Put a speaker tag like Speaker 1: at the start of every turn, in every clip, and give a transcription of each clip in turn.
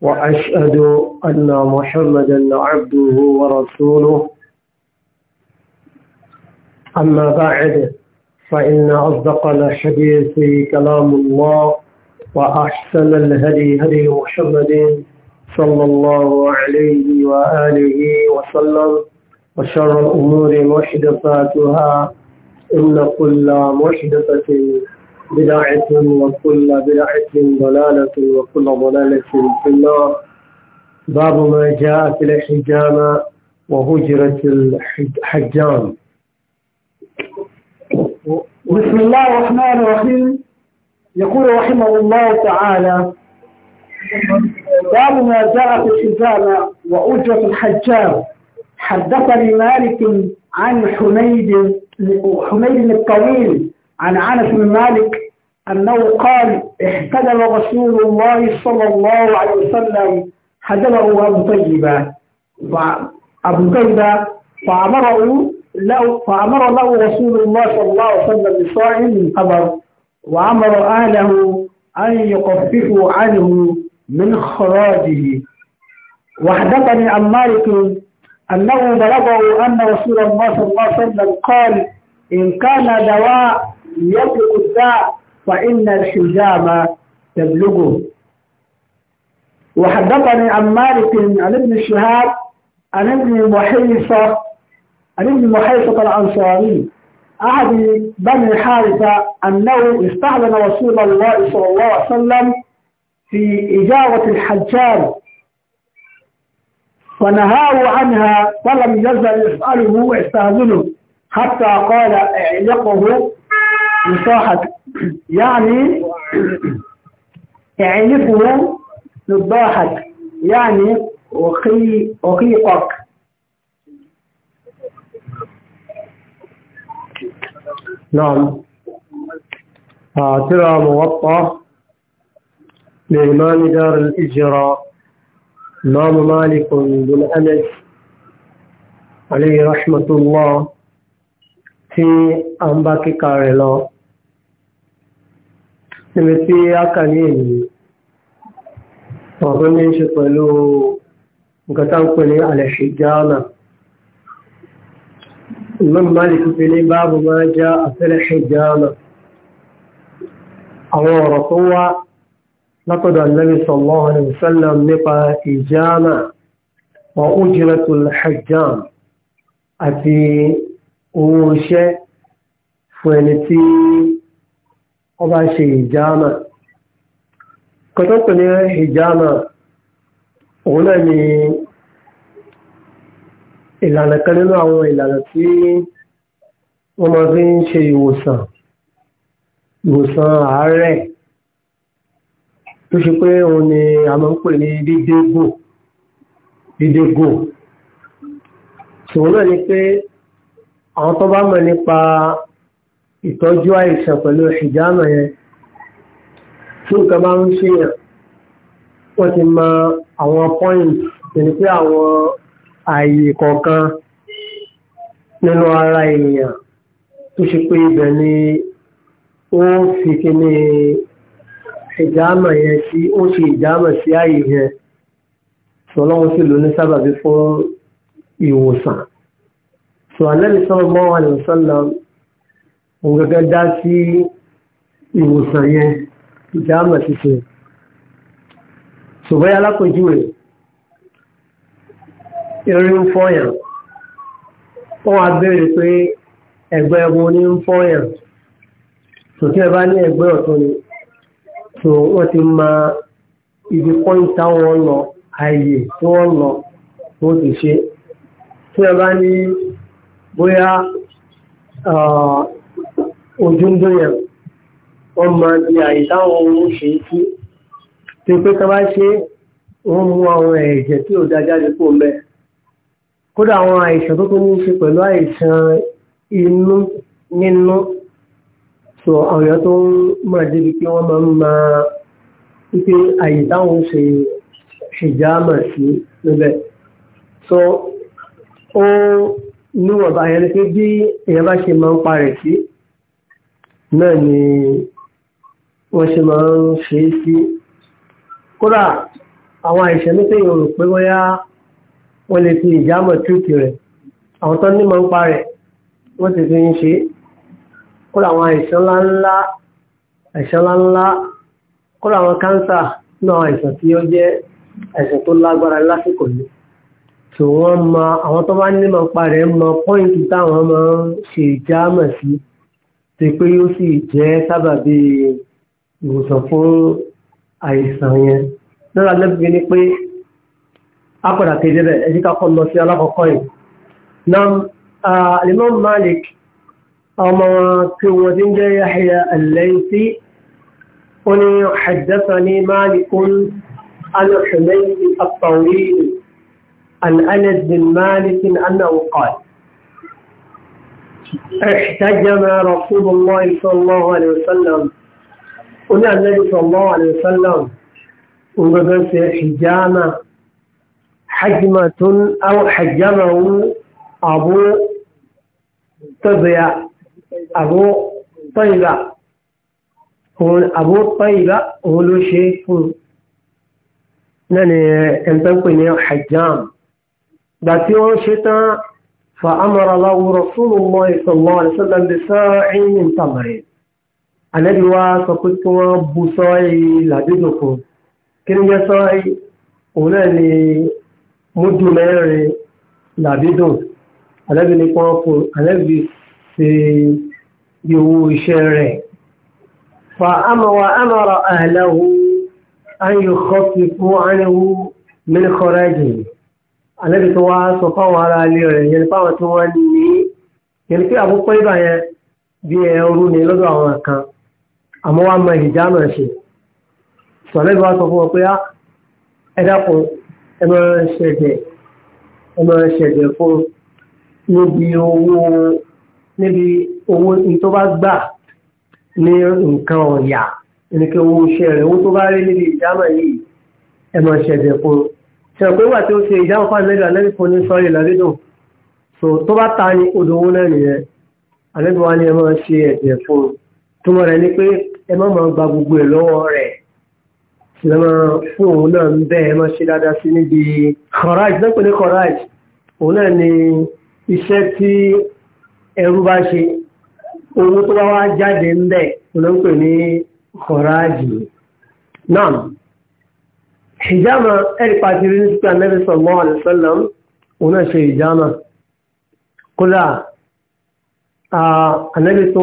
Speaker 1: وأشهد أن محمدا عبده ورسوله أما بعد فإن أصدق الحديث كلام الله وأحسن الهدي هدي محمد صلى الله عليه وآله وسلم وشر الأمور محدثاتها إن كل محدثة بدعة وكل بدعة ضلالة وكل ضلالة في النار باب ما جاء في الحجامة وهجرة الحجام بسم الله الرحمن الرحيم يقول رحمه الله تعالى باب ما جاء في الحجامة وأجرة الحجام حدثني مالك عن حميد حميد الطويل عن عنس بن مالك أنه قال احتدم رسول الله صلى الله عليه وسلم حجبه أبو طيبة أبو طيبة فأمره له فأمر له رسول الله صلى الله عليه وسلم بصاع من قبر وأمر أهله أن يخففوا عنه من خراجه وحدثني عن مالك أنه بلغه أن رسول الله صلى الله عليه وسلم قال إن كان دواء يطلق الداء فإن الحجامة تبلغه وحدثني عن مالك عن ابن شهاب عن ابن محيصة عن ابن محيصة الأنصاري أحد بني حارثة أنه استعلن رسول الله صلى الله عليه وسلم في إجارة الحجاج فنهاه عنها فلم يزل يسأله ويستهزنه حتى قال اعلقه نصاحك يعني تعرفه نضاحك يعني وقيقك نعم اعترى آه، مغطى لإمام دار الإجراء إمام مالك بن أنس عليه رحمة الله في أنباك كارلو níbi tí a kà ní èyí ọ̀rọ̀ ní ṣe pẹ̀lú nǹkan tá ń pè ní al-hijama Imam Malik fi ní báàbù máa já àfẹ́lẹ̀ hijama àwọn ọ̀rọ̀ tó wá látọ̀dọ̀ Annabi sallallahu alaihi wasallam nípa hijama wa ujratul hijjam àti owó iṣẹ́ fún ẹni tí ọba ṣe hijama kọtọ́tọ̀ ní hijama òun náà ni ìlànà kan nínú àwọn ìlànà tí wọ́n máa fi ń ṣe ìwòsàn ìwòsàn àárẹ̀ tó ṣe pé òun ni a máa ń pè ní dídégò dídégò ṣòwò náà ni pé àwọn tó bá mọ̀ nípa ìtọ́jú àìsàn pẹ̀lú hijama yẹn tí nǹkan bá ń ṣe yàn wọ́n ti mọ àwọn point ìpinnu pé àwọn ààyè kọ̀ọ̀kan nínú ara èèyàn tó ṣe pé ibẹ̀ ni ó fi kíní hijama yẹn sí ó ṣe hijama sí ààyè yẹn sọlọ́run sì lò sábàbí fún ìwòsàn. sọ̀rọ̀ lẹ́nu sọ́rọ̀ mọ́ àlùsọ́lọ́run òun gẹ́gẹ́ dá sí ìwòsàn yẹn ìdáàmà ṣíṣe ṣùgbọ́n alákòjú rẹ̀ eré ń fọ́yàn wọ́n wá béèrè pé ẹgbẹ́ ẹgbẹ́ ní ń fọ́yàn tòtí ẹ bá ní ẹgbẹ́ ọ̀tún ni tó wọ́n ti ma ibi pọ́ńtà wọn lọ ààyè tí wọ́n lọ wọ́n ti ṣe tí ẹ bá ní bóyá ojú ń dóyàn wọ́n máa di àìsàn ohun ṣe kú tí pé ká bá ṣe wọ́n mú àwọn ẹ̀jẹ̀ tí ò dá jáde kó mẹ́ kódà àwọn àìsàn tó tó ní ṣe pẹ̀lú àìsàn inú nínú so àwọn èèyàn tó ń mọ̀ débi pé wọ́n máa ń ma wípé àìsàn ohun ṣe ṣèjáàmà sí níbẹ̀ so ó níwọ̀nba àyẹ̀lẹ́pẹ́ bí èèyàn bá ṣe máa ń parẹ̀ sí náà ni wọ́n ṣe máa ń ṣe é sí kódà àwọn àìsàn ní pé yòrò pé wọ́n yá wọ́n lè fi ìjámọ̀ tíìtì rẹ̀ àwọn tó ní máa ń pa rẹ̀ wọ́n ti fi ń ṣe é kódà àwọn àìsàn ńláńlá àìsàn ńláńlá kódà àwọn kánsà ní àwọn àìsàn tí ó jẹ́ àìsàn tó lágbára lásìkò yìí tí wọ́n mọ àwọn tó bá ní máa pa rẹ̀ mọ pọ́ìntì táwọn máa ń ṣe ìjámọ̀ sí i tí pé yóò sì jẹ́ sábàbí ìwòsàn fún àìsàn yẹn lọ́la lẹ́bùgbé ni pé a padà kéde rẹ̀ ẹ̀jí ká kọ́ lọ sí alákọ̀ọ́kọ́ yìí na Imam Malik ọmọ tí wọ́n ti ń jẹ́ Yahya al ó ní haddathani Malikun al-Humaydi at-Tawil annahu qala احتجم رسول الله صلى الله عليه وسلم قلنا النبي صلى الله عليه وسلم في حجامة حجمة أو حجمه أبو طبيع أبو طيبة أبو طيبة هو له شيخ يعني أنت حجام ده في شيطان فأمر له رسول الله صلى الله عليه وسلم بساع من تمر النبي واسقط بصاي لبدكم كن يساعي هنا مدمر لبدون النبي نقول النبي في يوشره فأمر أمر أهله أن يخففوا عنه من خراجه àlẹ́bí tó wá sọ fáwọn ará ilé rẹ̀ yẹn fáwọn tí wọ́n ní yẹn pé àkókò ìgbà yẹn bí ẹrú ni lọ́dọ̀ àwọn kan àmọ́ wá mọ ìjà náà ṣe sọ̀lẹ́bí wá sọ fún wọn pé á ah, ẹ dákun ẹ máa ṣẹ̀jẹ̀ ẹ máa ṣẹ̀jẹ̀ fún níbi owó níbi owó tó bá gbà ní nǹkan ọ̀yà ẹni pé owó iṣẹ́ rẹ̀ owó tó bá rí níbi ìjà yìí ẹ fún ṣẹ̀kọ́ ìgbà tí ó ṣe ìdáhùn fún àlẹ́bí àlẹ́bí fún ní sọ́rí làbídùn so tó bá ta ni odò owó náà nìyẹn àlẹ́bí ni ẹ máa ṣe ẹ̀jẹ̀ fún un túmọ̀ rẹ̀ ni pé ẹ má máa gba gbogbo ẹ̀ lọ́wọ́ rẹ̀ ṣe máa fún òun náà ń bẹ́ ẹ máa ṣe dáadáa sí níbi kọ̀ráj náà pè ní kọ̀ráj òun náà ni iṣẹ́ tí ẹrú bá ṣe owó tó bá wá jáde ń bẹ̀ òun náà ń pè ní kọ̀ráj náà hijama ẹ̀rí pàtìrí ní sípé Ànábì sallallahu alaihi wasallam òun náà ṣe hijama kódà Ànábì tó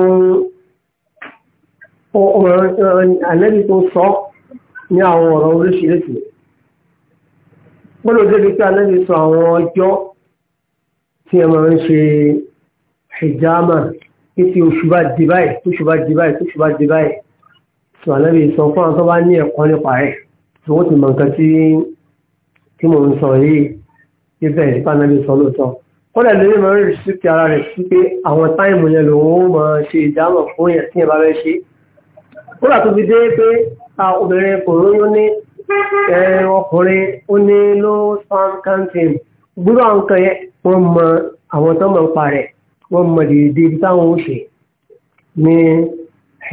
Speaker 1: ń sọ ní àwọn ọ̀rọ̀ oríṣiríṣi gbọ́dọ̀ débi pé Ànábì sọ àwọn ọjọ́ tí ẹ máa ń ṣe hijama títí oṣù bá di báyìí tóṣù bá di báyìí tóṣù bá di báyìí sọ fún àwọn tó bá ní ẹ̀kọ́ nípa rẹ̀ tí wọ́n ti mọ̀ nǹkan tí tí mò ń sọ yìí ibẹ̀ ìpánẹ́lì sọ lóòótọ́ kódà lórí mọ̀ rí sí ti ara rẹ̀ sí pé àwọn táìmù yẹn lòun ó mọ̀ ṣe ìdámọ̀ fún yẹn tí yẹn bá fẹ́ ṣe kódà tó fi dé pé obìnrin kò lóyún ní ọkùnrin ó ní low sperm counting gbúdọ̀ nǹkan yẹn wọ́n mọ àwọn tó mọ̀ ń pa rẹ̀ wọ́n mọ dèédé ibi táwọn ó ṣe ní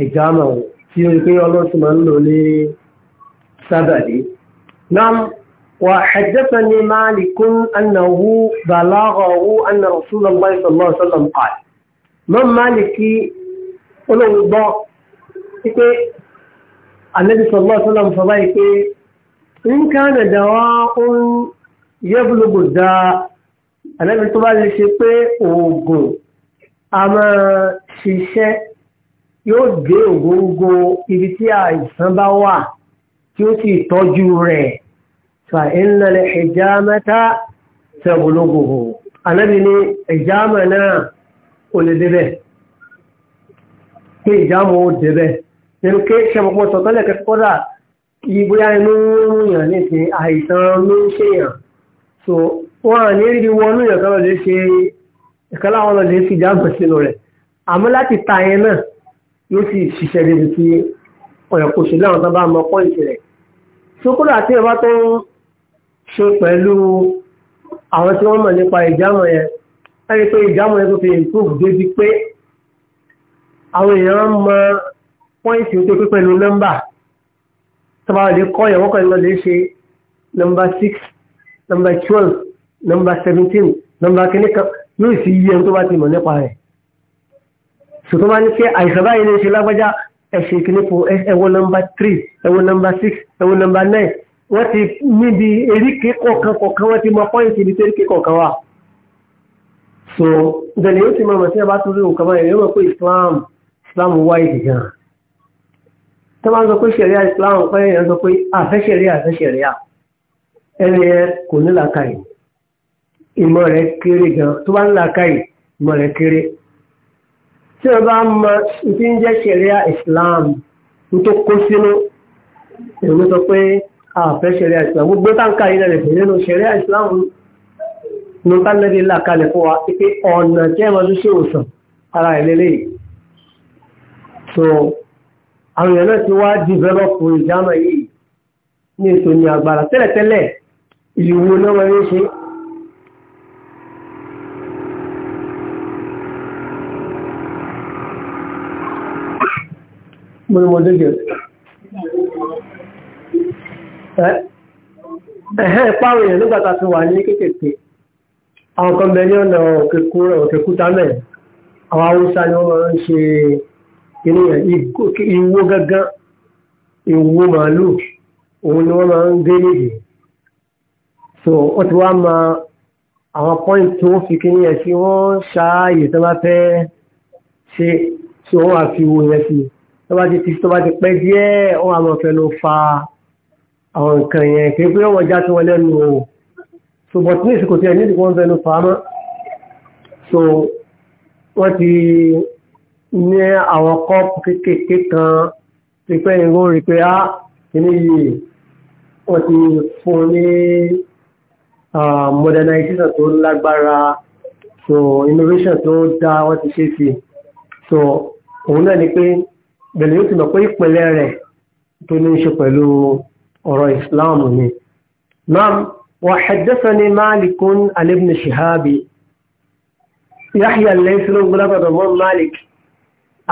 Speaker 1: ìjámọ̀ tí ó rí pé ọlọ́sùn máa ń lò ní السبلي نعم وحدثني مالك أنه بلغه أن رسول الله صلى الله عليه وسلم قال ما مالكي قلوا الله النبي صلى الله عليه وسلم فضيك إن كان دواء يبلغ الداء النبي tó bá lè ṣe pé oògùn a máa ṣiṣẹ́ yóò tí ó sì tọ́jú rẹ̀ fa iná lè ìjámẹ́ta tẹ̀gbọ́lógòhò anábì ní ìjámẹ́ náà kò lè débẹ̀ kí ìjámẹ́ ó débẹ̀ nínú kí ṣẹmọ̀pọ̀ sọ̀tọ́lẹ̀ kẹ́kọ́dà ìgbóyá inú yàn ní ti àìsàn ló ń ṣèyàn so wọ́n à ní rí wọnú yàn kọ́lọ̀ lè ṣe ìkọ́lá wọn lè fi ìjámẹ́ sínú rẹ̀ àmọ́ láti ta yẹn náà yóò sì ṣiṣẹ́ débi tí ọ̀yọ̀ kò sí láwọn tán bá mọ pọ́ìntì rẹ̀ ṣókòrò àti ẹ̀bá tó ń ṣe pẹ̀lú àwọn tí wọ́n mọ̀ nípa ìjámọ̀ yẹn ẹni pé ìjámọ̀ yẹn tó fi improve débi pé àwọn èèyàn mọ pọ́ìntì tó pé pẹ̀lú nọ́mbà tó lè kọ́ yẹn wọ́n lọ lè ṣe nọ́mbà six nọ́mbà twelve nọ́mbà seventeen nọ́mbà kìnnìkan yóò sì yí ẹni tó bá ti mọ̀ nípa rẹ̀ ṣùgbọ́n bá ní pé àìsàn báyìí lè ṣe lágbájá ẹ̀ṣẹ̀ kìíní fún ẹwọ nọmba 3 ẹwọ nọmba 6 ẹwọ nọmba 9 wọ́n ti níbi eríkè kọ̀ọ̀kan kọ̀ọ̀kan wọ́n ti mọ pọ́ìntì ibi tí eríkè kọ̀ọ̀kan wà. so ìdẹ̀lẹ̀ yóò ti máa mọ̀ sí ẹbá tó rí nǹkan báyìí yóò mọ̀ Islam Islam wá ìdì gan. tó máa ń sọ pé ṣẹ̀ríà Islam pé èèyàn sọ pé àfẹ́ṣẹ̀ríà àfẹ́ṣẹ̀ríà ẹni ẹ kò ní làákàyè ìmọ̀ rẹ̀ kéré gan tó bá ń làákàyè ìmọ̀ rẹ̀ kéré tí wọ́n bá mọ ìdí ń jẹ́ ṣẹ̀ríà Islam tó kó sínú ìrònú sọ pé àfẹ́ ṣẹ̀ríà Islam gbogbo táǹkà yìí rẹ̀ fẹ́ nínú ṣẹ̀ríà Islam ló bá lẹ́bi là kalẹ̀ fún wa pé ọ̀nà tí ẹ̀mọ́ tó ṣe òsàn ara ẹ̀ yìí so àwọn èèyàn náà ti wá dìvẹ́lọ́pù ìjánà yìí ní ètò ní agbára tẹ́lẹ̀tẹ́lẹ̀ ìlú mo ní mo dé jẹ ẹ̀hẹ́ ìpáwọn èèyàn nígbàtà ti wà ní kékèké àwọn kan bẹ ní ọ̀nà òkèkúta mẹ́rin àwọn haúsá ni wọ́n máa ń ṣe inú ẹ̀ ìwó gángan ìwó màálù òun ni wọ́n máa ń gé léde so wọ́n ti wá ma àwọn pọ́ìntì tí wọ́n fi kíní ẹ̀ sí wọ́n ṣááyè tó bá fẹ́ ṣe tí wọ́n wá fi wo yẹn sí i tó bá ti ti tó bá ti pẹ́ díẹ̀ wọ́n á máa fẹ́ ló fa àwọn nǹkan yẹn kì pé wọ́n já sí wọn lẹ́nu o so but ní ìsìnkú tí ẹ̀ nídìí wọ́n fẹ́ ló fa mọ́ so wọ́n ti ní àwọn kọ́ọ̀pù kéékèèké kan ti pẹ́ ìró rí pé á kìíní yìí wọ́n ti fún ní modernization tó lágbára so innovation tó dá wọ́n ti ṣe sí so òun náà ni pé bẹ̀rẹ̀ yóò ti mọ̀ pé ìpìlẹ̀ rẹ̀ tó ní ṣe pẹ̀lú ọ̀rọ̀ islam ni naam wa haddathani malikun an ibn shihabi yahya al-laythun gbọ́dọ̀ mọ́ malik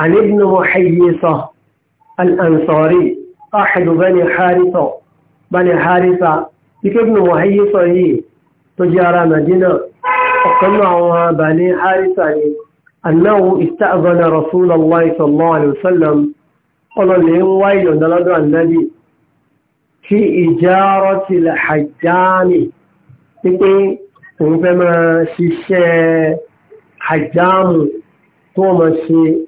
Speaker 1: an ibn muhayyisa al-ansari ahadu bani harisa bani harisa ike ibn muhayyisa yìí tó jẹ́ madina ọ̀kan náà àwọn harisa yìí أنه استأذن رسول الله صلى الله عليه وسلم قال لهم ويل دلد النبي في إجارة الحجام تقول وفما شيشة حجام توما شي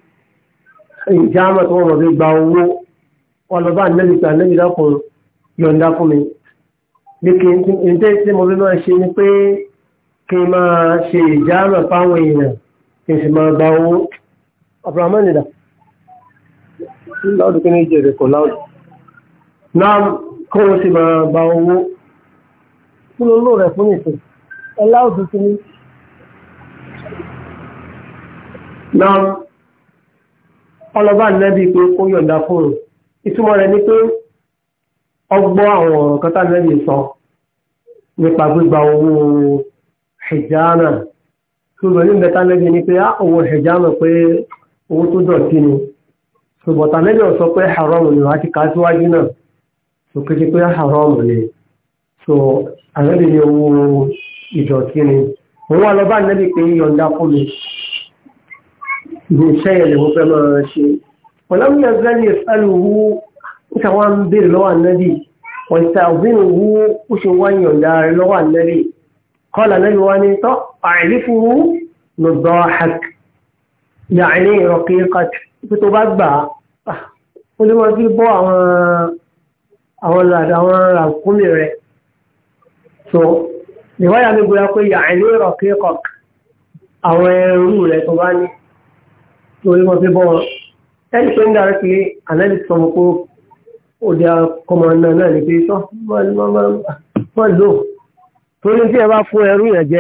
Speaker 1: إجامة توما في باو قال بقى النبي صلى الله عليه وسلم لكن انت انت mo bí máa ṣe ni pé kí kí n sì máa gba owó abdulrahman nìdá láwùjọ kí ní jẹ rẹ kò láwùjọ náà kó o sì máa gba owó kí ló lò rẹ fún ìtò ẹ láwùjọ kí ní. náà ọlọ́ba nẹ́bí pé kó yọ̀ǹda fún un ìtumọ̀ rẹ̀ ni pé ọgbọ́ àwọn ọ̀rọ̀ kan nẹ́bí sọ nípa gbígba owó hijana ṣùgbọ́n ní mẹ́ta lẹ́bi ni pé ah, owó hijama pé owó tó dọ̀tí ni ṣùgbọ́n tàlẹ́bí sọ pé haram ni wàá ti kà síwájú náà tó kéde pé haram ni so àlẹ́bí ni owó ìdọ̀tí ni òun wà lọ́ba àlẹ́bí pé yọ̀ǹda fún mi ní iṣẹ́ yẹn ni mo fẹ́ máa ṣe ọ̀làmú yẹn fẹ́ lè fẹ́ lù wú níta wá ń béèrè lọ́wọ́ àlẹ́bí ọ̀sẹ̀ àbínú wú ó ṣe wá yọ̀ǹda rẹ lọ́wọ́ àlẹ́bí kọ́ أعرفه نضاحك يعني رقيقة تتبع wọ́n máa fi bọ́ àwọn àwọn àwọn ràkúnmí rẹ̀ so ìwáyà mi gbọ́ya pé yàá ní rọ̀kẹ́ kọ̀k àwọn ẹrú rẹ̀ tó bá ní torí wọ́n fi bọ́ wọn ẹni pé ń darí pé ànábì sọ mọ́ pé náà ní pé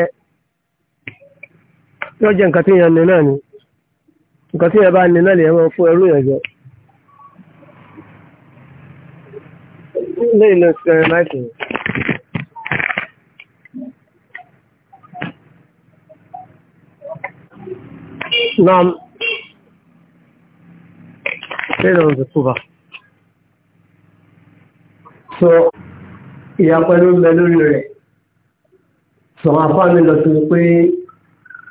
Speaker 1: sọ yóò jẹ́ nǹkan tí yẹn ní náà ni nǹkan tí yẹn bá ní náà lè máa fún ẹrú yẹn jẹ. lẹ́yìn lọ sí ẹ̀rọ máìkì. Nam lẹ́yìn lọ sí Cuba. So ìyá pẹ̀lú ń bẹ lórí rẹ̀. Sọ̀rọ̀ afá mi lọ sí pé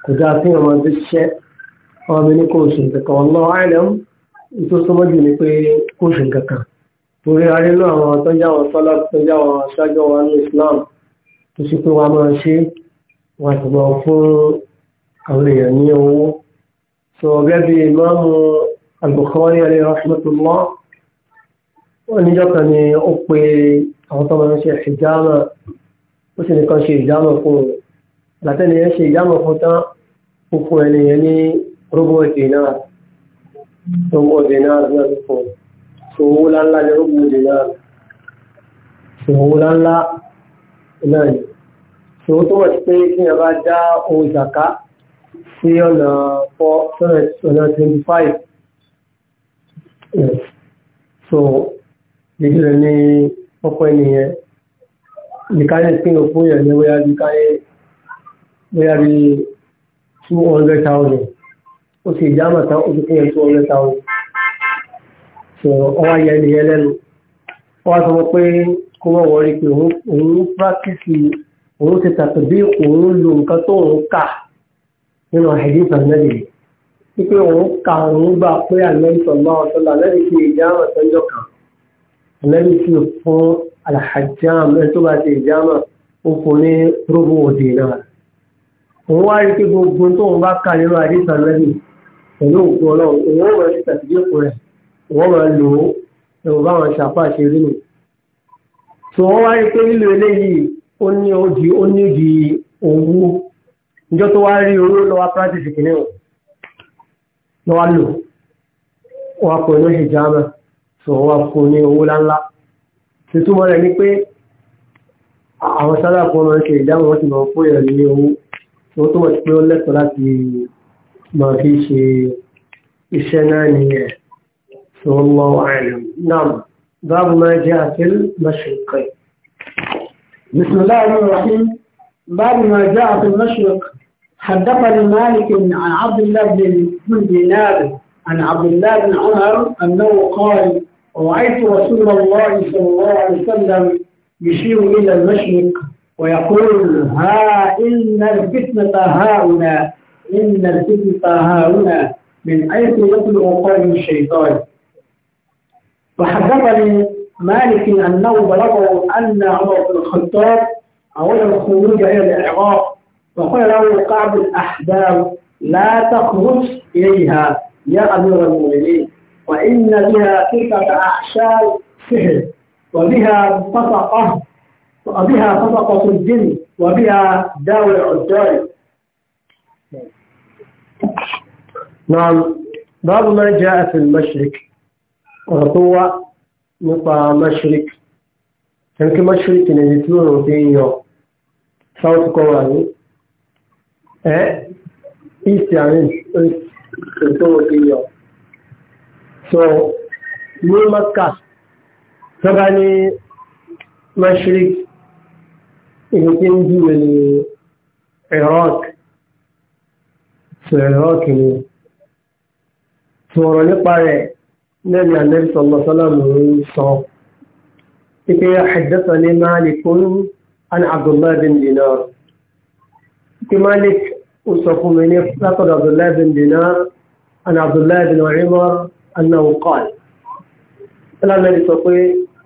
Speaker 1: kò dáa sí ọmọ bí ṣẹ́ ọmọ mi ní kò ṣe nǹkan kan ọlọ́wọ́ àìlẹ́m tó súnmọ́ jù ni pé kò ṣe nǹkan kan torí arínú àwọn tó jẹ́ àwọn sọ́lá tó jẹ́ àwọn aṣáájú wa ní Islam tó ṣe pé wàá máa ṣe wàá sì máa fún àwọn èèyàn ní owó sọ gẹ́gẹ́ bí ìmáàmù Al-Bukhari alayhi wọ́n níjọ́ kan ni ó pe àwọn tó máa ń ṣe ìjàmà ó sì nìkan ṣe ìjàmà fún òun gbàtẹ́ni yẹn ṣe ìyá mọ̀fún tán fúnfún ẹni yẹn ní rúgbọ́dì náà rúgbọ́dì náà náà fún owó láńlá ní rúgbọ́dì náà owó láńlá náà ni ṣòwò tó wọ̀ sí pé kí ẹ bá dá ohun ìjàká sí ọ̀nà four seven ọ̀nà twenty five so ìdílé ní ọkọ̀ ẹni yẹn nìkan ní pín òkú yẹn ní wíyá nìkan bóyá bí two hundred thousand ó sì jáàmà tán ó ti fún yẹn two hundred thousand so ọwọ́ ayẹ ni yẹn lẹ́nu ó wá sọ wọn pé kó wọ́n wọlé pé òun practice òun ti tàbí bí òun lo nǹkan tó òun kà nínú àìdíjà mẹ́rin wípé òun kà òun gbà pé àlẹ́sọ̀ bá ọ̀tọ́ là lẹ́yìn tí ìjáàmà tó ń jọ kàn lẹ́yìn tí ó fún alhajjam ẹni tó bá ti ìjáàmà ó fún ní rúbù òdì náà òun wá rí pé gbogbo tóun bá kà nínú àdéhùn àlọ́dì pẹ̀lú òkú ọlọ́run òun ó rẹ̀ ṣàtìjẹ́kù rẹ̀ òun rẹ̀ lò ó ẹ̀wọ̀n báwọn ṣàfà ṣe rí nù. tó wọ́n wá rí pé lílo eléyìí ó ní òdì ó ní òdì owó níjọ́ tó wá rí owó lọ́wọ́ practice kìíní o lọ́wọ́ lò wọ́n á kó inú ìjàmà tó wọ́n á kó ní owó láńlá. tuntun rẹ̀ ni pé àwọn sálà kan máa ń ṣe ìdáhùn wọn ti máa fún ìrẹ̀lẹ̀ owó tó tó لك pé ó lẹ́tọ̀ọ́ láti máa fi ṣe iṣẹ́ náà nìyẹn tó ń lọ àìlùm بسم الله الرحمن الرحيم باب ما جاء في المشرق حدثني مالك عن عبد الله بن بن دينار عن عبد الله بن عمر انه قال رأيت رسول الله صلى الله عليه وسلم يشير إلى المشرق ويقول ها إن الفتنة هاونا إن الفتنة هاونا من حيث يطلع قرن الشيطان وحدثني مالك أنه بلغه أن عمر بن الخطاب أول الخروج إلى العراق فقال له قعد الأحباب لا تخرج إليها يا أمير المؤمنين وإن بها تلك أحشاء سهل وبها بطقه وبها صفقة الجن وبها داوى العجال نعم باب ما جاء في المشرك وهو نطع مشرك يمكن مشرك نجتلون فيه صوت قواني ايه east يعني نجتلون فيه so ní maka tọ́ba ní mashrik èyí tí ń júwe ní Iraq tó Iraq ni sọ̀rọ̀ nípa rẹ̀ lẹ́nu Ànábì sallallahu alaihi wasallam ń sọ pípé haddathani Malik an Abdullah bin Dinar pípé Malik ó sọ fún mi ní látọ̀dọ̀ Abdullah Dinar an Abdullah bin Umar annahu qala.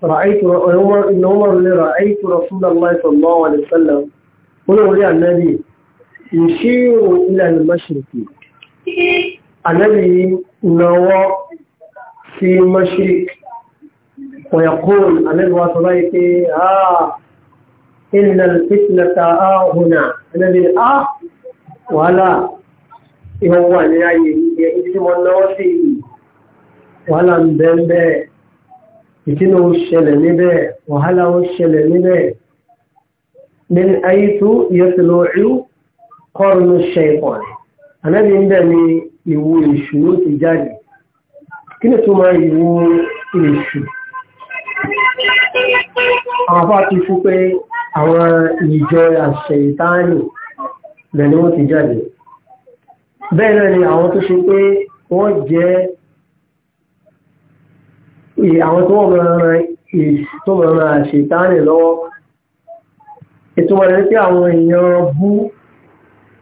Speaker 1: رأيت عمر إن عمر رأيت رسول الله صلى الله عليه وسلم هنا ولي النبي يشير إلى المشرق النبي نوى في المشرق ويقول النبي وصليك آه إن الفتنة آه هنا النبي آه ولا هو يعني يجب أن نوى فيه ولا مبنبه ìtìnà ó ṣẹlẹ̀ níbẹ̀ wàhálà ó ṣẹlẹ̀ níbẹ̀ min ayitu yẹtùlọ ìlú kọrùnú ṣẹpọn anábì ń bẹ ní ìwú èṣù ló ti jáde kí ni tó máa ìwú èṣù àwọn afá ti fún pé àwọn ìjọ àṣẹ ìtaánì bẹ̀ ni wọ́n ti jáde bẹ́ẹ̀ náà ni àwọn tó ṣe pé wọ́n jẹ́ àwọn tó wọ́n mọ̀ràn ṣètánì lọ́wọ́ ìtumọ̀ rẹ̀ pé àwọn èèyàn bú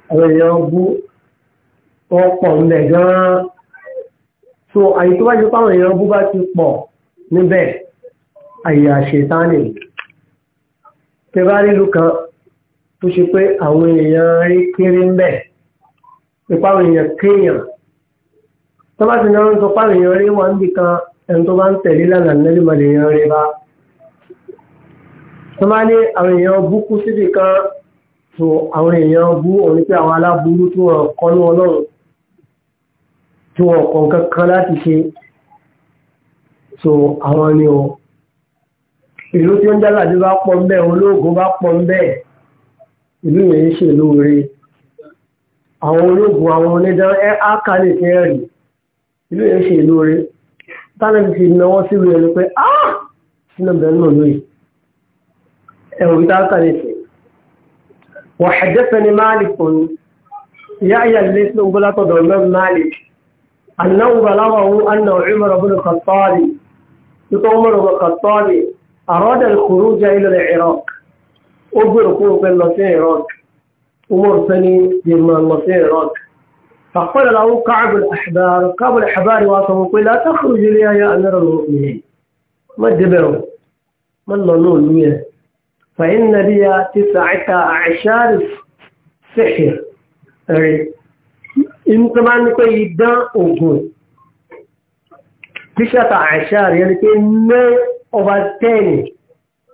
Speaker 1: àwọn èèyàn bú wọ́n pọ̀ níbẹ̀ gan-an so àyè tó bá jẹ́ páwọn èèyàn bú bá ti pọ̀ níbẹ̀ àyè àṣetánì tẹ bá rí ìlú kan tó ṣe pé àwọn èèyàn rí kéré ń bẹ̀ pé páwọn èèyàn kéèyàn tó bá ti náà ń sọ páwọn èèyàn rí wọn níbi kan ẹni tó bá ń tẹ̀lé lánàá nẹ́bí mọ̀ lèèyàn rẹ̀ bá tó máa ní àwọn èèyàn bú kú síbi kan tó àwọn èèyàn bú òun pé àwọn aláburú tí wọ́n kọ́ ní ọlọ́run tí wọ́n kọ̀ nǹkan kan láti ṣe so àwọn ni o ìlú tí ó ń jálàdé bá pọ̀ ń bẹ́ẹ̀ olóògùn bá pọ̀ ń bẹ́ẹ̀ ìlú yẹn ń ṣèlú àwọn olóògùn àwọn onídán ẹ́ á kálẹ̀ fẹ́ rí ìlú yẹn ń ṣèlú tánàbí fi náwọ́ sí ìwé ẹni pé áà sínú bẹ̀rẹ̀ náà lóye ẹ̀wọ̀n ìta kàrí ṣe wọ́n ṣẹ̀dẹ́fẹ́ ni malik kò ní ya iya lè sí ọgbọ́lá tó dọ̀gbẹ́ malik annáwó baláwàwó anna umar ibn khattab ita umar ibn khattab arada al-khuruj ila al-iraq ó gbèrò kúrò pẹ̀lú lọ sí iraq umar sani yìí máa lọ sí iraq فقال له كعب الأحبار كعب الأحبار واصفه قل لا تخرج لي يا أمير المؤمنين ما دبروا ما اللون مية فإن لي تسعة أعشار سحر إن طبعا نقول يدان أوغون تسعة أعشار يعني كي نين أوفا تاني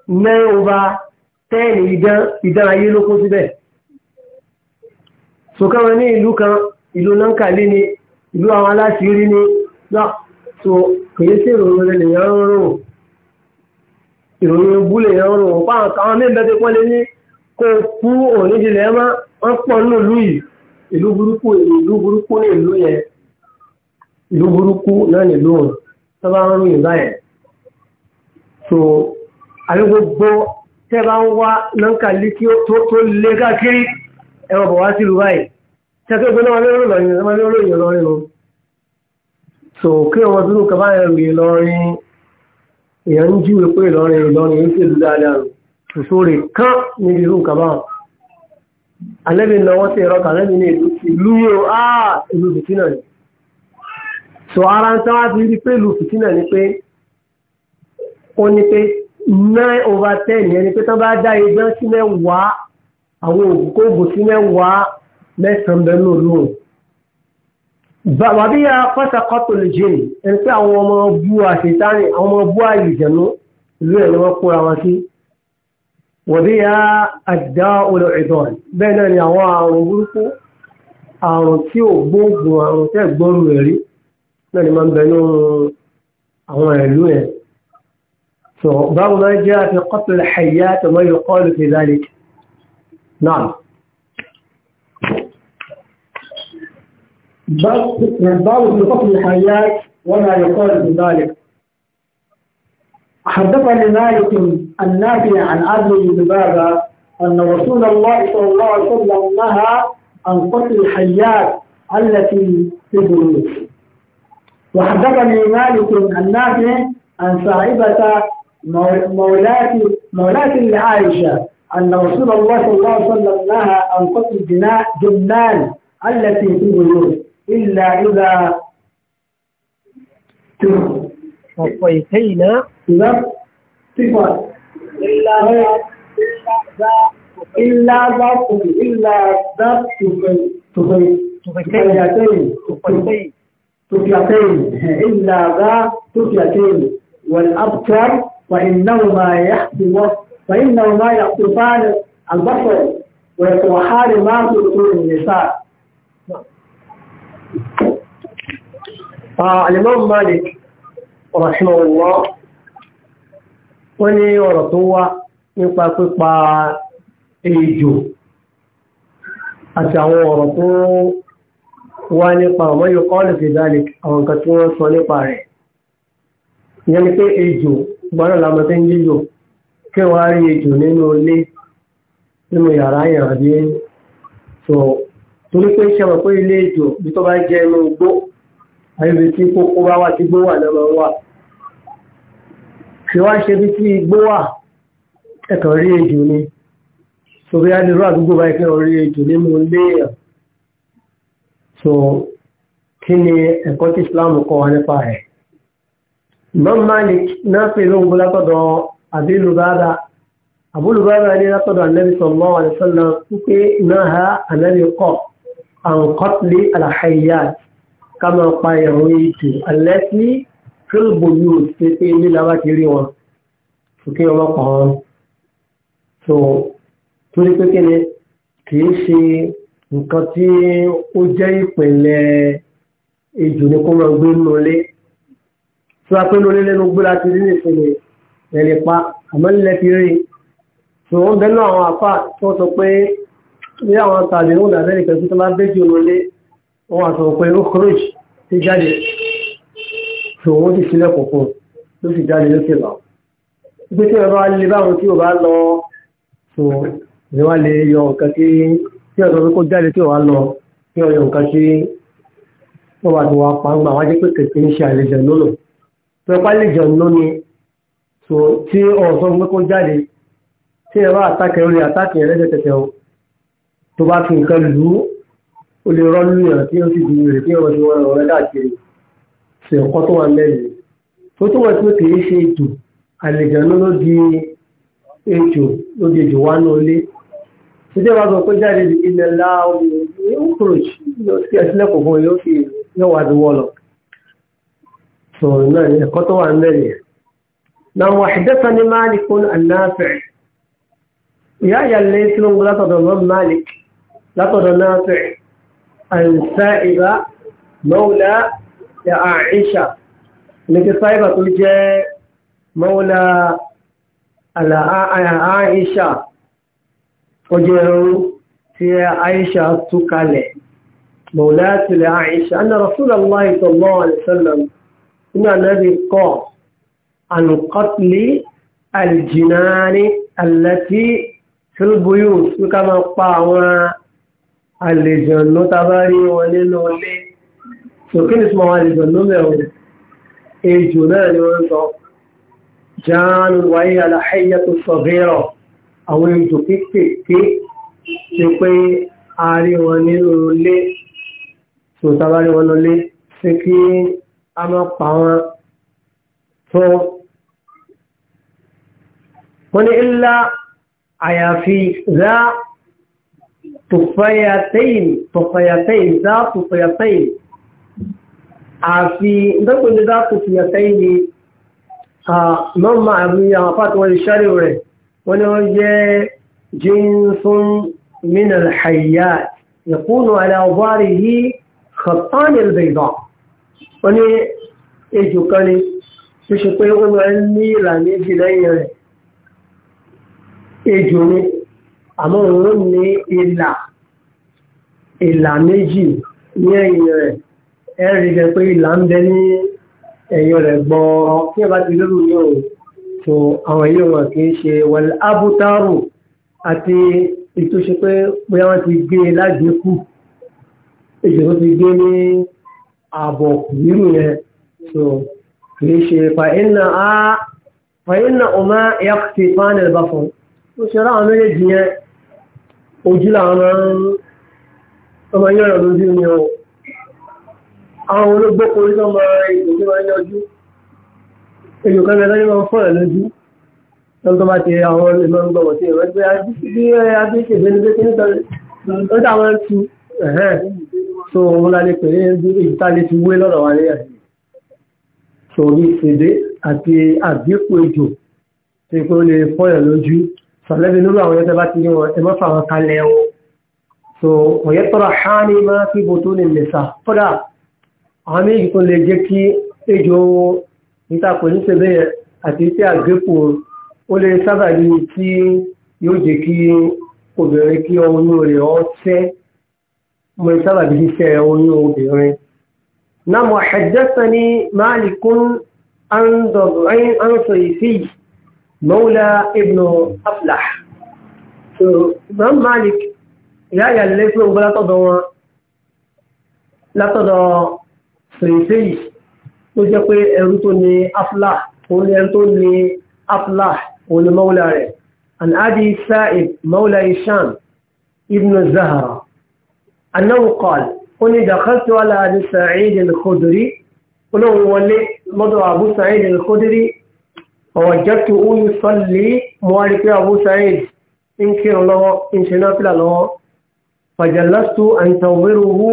Speaker 1: نين أوفا تاني يدان يدان أيلو كوزي به سوكا مني لوكا ìlú nankali ni ìlú àwọn aláṣírí ni náà tó kìí sí ìròyìn rẹ̀ lèyàn ń rò ìròyìn bú lèyàn ń rò wọ́n pàwọn káwọn mẹ́bẹ́ tó pọ́n lé ní kó kú òníjìnlẹ̀ mọ́ wọ́n pọ̀ nínú ìlú yìí ìlú burúkú ìlú burúkú ní ìlú yẹn ìlú burúkú náà nílùú òun tó bá ń rìn báyẹn tó àrígbogbo tẹ́ bá ń wá nankali tó lé káàkiri ẹ̀wọ̀n bọ̀ wá sí ìlú báyìí tẹ́kẹ́ gbé náà lérò lọ́yìn lọ́mọ lérò yìí lọ́rin o so kí ọmọ tó lóka yẹn rèé lọ́rin èèyàn ń jíwèé pé lọ́rin lọ́rin ń ṣèlú dáadáa rò ṣòṣò rè kán níbi irú nǹkan alẹ́bí náà wọ́n ti ẹ̀rọ kà lẹ́bí ní ìlú yóò á ah, ìlú fìtínà ni so ara ń sáwá ti rí ìlú fìtínà ni pé ó ní pé nine over ten yẹn ni pé tán bá dá ẹgbẹ́ sí mẹ́wàá àwọn òògùn kó òògùn sí mẹ́wàá mẹ́sàn-án bẹ́ẹ̀ ló lóun. bàbá bí yà pátákọ́tò lè jẹ́ ni ẹni pé àwọn ọmọ bú àṣetánì àwọn ọmọ bú àyè ìjẹ̀nu ìlú ẹ̀ ni wọ́n kóra wọn sí. wọ̀bí yà àdá olè ìdọ̀n bẹ́ẹ̀ náà ni àwọn àrùn burúkú àrùn tí ò gbóògùn àrùn tẹ́ gbọ́rù ẹ̀ náà ni máa ń bẹ àwọn ìlú ẹ̀. باب ما جاء في قتل الحيات وما يقال في ذلك نعم باب من باب ابن فصل الحيات وما يقال بذلك حدثني مالك النافع عن عدل بن بابا أن رسول الله صلى الله عليه وسلم نهى عن قتل الحيات التي في بيوت وحدثني مالك النافع عن صاحبة مولاة مولاة لعائشة أن رسول الله صلى الله عليه وسلم نهى عن قتل جنان التي في بيوت إلا إذا وصيتينا إذا صفر إلا إلا ذات إلا ذات تفيتين تفيتين إلا ذا تفيتين والأبكر فإنهما يحسب فإنهما يقطفان البصر ويتوحان ما تؤتون النساء الإمام مالك رحمه الله wọ́n ní ọ̀rọ̀ tó wá nípa pípa ejò àti àwọn ọ̀rọ̀ tó wá nípa ọmọ yóò kọ́lù sí dalek àwọn nǹkan nípa rẹ̀ ìyẹn ni pé nínú so torí pé ṣe mọ̀ pé ilé ìjò bí tó bá jẹ inú igbó àyèbí tí kókó bá wà tí igbó wà lọ́mọ wà kí wá ṣe bí tí igbó wà ẹ̀kàn rí ejò ni so bí a lè rú àdúgbò bá ẹ̀kẹ́ rí ejò nínú ilé èèyàn so kí ni ẹ̀kọ́ tí Islam kọ́ wa nípa ẹ̀ Imam Malik náà fi lóhun látọ̀dọ̀ àbílùbáda àbúlùbáda ní látọ̀dọ̀ Ànábì sallallahu alaihi wasallam wípé náà ha Ànábì kọ́ àǹkọ́tlé àlàáyà ká máa pa ẹ̀rùn ètò alẹ́sí fílbò yóò ṣe pé rí wọn òkè ọlọ́pàá wọn tó torí pé ni kì í ṣe nǹkan tí ó jẹ́ ìpìlẹ̀ ejò ní kó máa gbé nínú ilé tí wàá pé nínú ilé ló gbé láti rí nìṣẹ̀lẹ̀ ẹ̀lẹ́pa àmọ́ nílẹ̀ ti rí tó ń bẹ́ẹ̀ náà àwọn àfà tó sọ pé ní àwọn tàbí ń dàbẹ́ nìkan tó máa bẹ́jì wọlé wọn àti ọ̀pẹ́ okroj ti jáde tó wọ́n ti sílẹ̀ kọ̀ọ̀kan ló fi jáde lókè lọ. ibi tí wọ́n lè báwọn tí ò bá lọ tó ní wọ́n lè yọ nǹkan tí tí ọ̀dọ́ tó kó jáde tí ò wá lọ tí ọ̀yọ̀ nǹkan tí wọ́n bá ti wá pàǹgbà wájú pé kẹ̀kẹ́ ń ṣe àlejò lónà tó ẹ lè jẹun lónìí tí ọ̀sán gbé kó jáde tí ẹ bá àtàkẹ́ orí àtàkẹ́ ẹlẹ́dẹ̀tẹ̀tẹ̀ o tó bá fi nǹkan lù ú ó lè rọ́ nínú ìyàn tí ó sì dùn rẹ̀ kí ọmọ ti wọ́n rẹ̀ káàkiri sí ọ̀kọ́ tó wà lẹ́yìn tó tó wọ́n tó kìí ṣe ètò àlejànú ló di ètò ló di ètò wá ní ilé tó dé wá sọ pé jáde ilẹ̀ ńlá omi yóò kúrò sí ẹsílẹ̀kùn fún yóò fi yóò wá di wọ́lọ̀ sọ̀rọ̀ náà ẹ̀kọ́ tó wà lẹ́yìn náà wà ní máàlì kún àlàáfẹ̀ ìyá ìyá lẹ́yìn tí gbọ́dọ̀ látọ̀dọ̀ náàfẹ́ àìsáìbá mọ́wùlá ya àìṣà ní kí sáìbá tó jẹ́ mọ́wùlá àìṣà ọjọ́ ẹ̀rọ tí àìṣà tú kalẹ̀ mọ́wùlá tilẹ̀ àìṣà anna rasulallah sallallahu alaihi wasallam inú ànábì kọ́ ànùkọ́tìlì aljìnnáni alẹ́tí sílbùyù tí ká máa pa àwọn àlejànú tàbá rí wọn nínú ilé sókè ní súnmọ́ wọn àlejànú mẹ́rin ejò náà ni wọ́n sọ jáánu wáyé aláhẹ́yà tó sọ bẹ́rọ̀ àwọn ejò kéékèèké ti pé a rí wọn nínú ilé tó tàbá rí wọn lọlé sí kí a máa pa wọn tó wọ́n ní ilá àyàfi rá tòfẹ́yàtẹ́yìn tòfẹ́yàtẹ́yìn dá tòfẹ́yàtẹ́yìn àfi ìdọ́gbẹ̀lẹ̀ dá tòfẹ́yàtẹ́yìn ni nọ́mà àmúyà àpáta wọn ìṣàrí rẹ̀ wọ́n ni wọ́n jẹ́ jínsún minal hayyat yakunu ala dharihi khattan albayda wọ́n ni ejò kan ni tó pé ó máa ìlànà méjì lẹ́yìn rẹ̀ ejò ni àmọ́ òun ní ìlà ìlà méjì ní ẹ̀yìn rẹ̀ ẹ̀rí rẹ̀ pé ìlà ń bẹ ní ẹ̀yìn rẹ̀ gbọ́ọ̀rọ̀ kí ẹ bá ti lórí yóò tó àwọn èyí wọn e kì í ṣe wọlé abútárù àti ètò ṣe pé pé wọ́n ti gbé lágbèékù ìṣòro ti gbé ní ààbọ̀ nínú yẹn tó kì í ṣe fàínà á fàínà ọmọ ẹ̀kọ́ ti fánilbà fún ó ṣe ra àwọn méjèèjì yẹn ojú làwọn ọmọ yọ́rọ̀ lójú ni ọ àwọn olóògbókò orí lọ́mọ ìgbòmí wọn ní ọjú èyí kan mẹ́ta ní wọn fọ́rẹ̀ lójú lọ́tọ́ bá ti àwọn ìmọ̀ ń gbọ̀wọ̀ sí ìwọ́n pé bí adé ṣègbè ní pé ó dà wọ́n tu so òun la lè pè ní èyí tá lè fi wé lọ́rọ̀ wa léyà so orí ìṣèdè àti àgbékò sọ̀lẹ́bí lórí àwọn ẹgbẹ́ bá ti rí wọn ẹmọ́ fàwọn kalẹ̀ o so ọ̀yẹ́ tọ́ra ha ní máa fi bòtó ní mẹ́sà fọ́dà àwọn méjì tó lè jẹ́ kí ejò ìtàkù ní sẹ́bẹ̀ àti iṣẹ́ àgbépò ó lè sábà ní tí yóò jẹ́ kí obìnrin kí oyún rẹ̀ ọ́ tẹ́ mo sábà bí iṣẹ́ oyún obìnrin náà mo àṣẹjẹ́sẹ̀ ní máàlìkún àǹdọ̀gbọ̀n àǹsọ̀ ìfíì maula ibn aflah so imam malik ìyá ìyá ilé fún ogun látọ̀dọ̀ wọn látọ̀dọ̀ fèrèsé yìí tó jẹ́ pé ẹrú tó ní aflah òun ni ẹrú tó ní aflah òun ni maula rẹ̀ an adi sa'id maula isham ibn zahara annahu qala oni dakhaltu ala abi sa'id al-khudri qulu wali madu abu sa'id al-khudri ọ̀wọ̀jẹ́tù oyún sọ́lé mọ́rí pé Abu Sa'id ń kírun lọ́wọ́ ń ṣe náà fìlà lọ́wọ́ fàjàlásù àǹtàwérúwú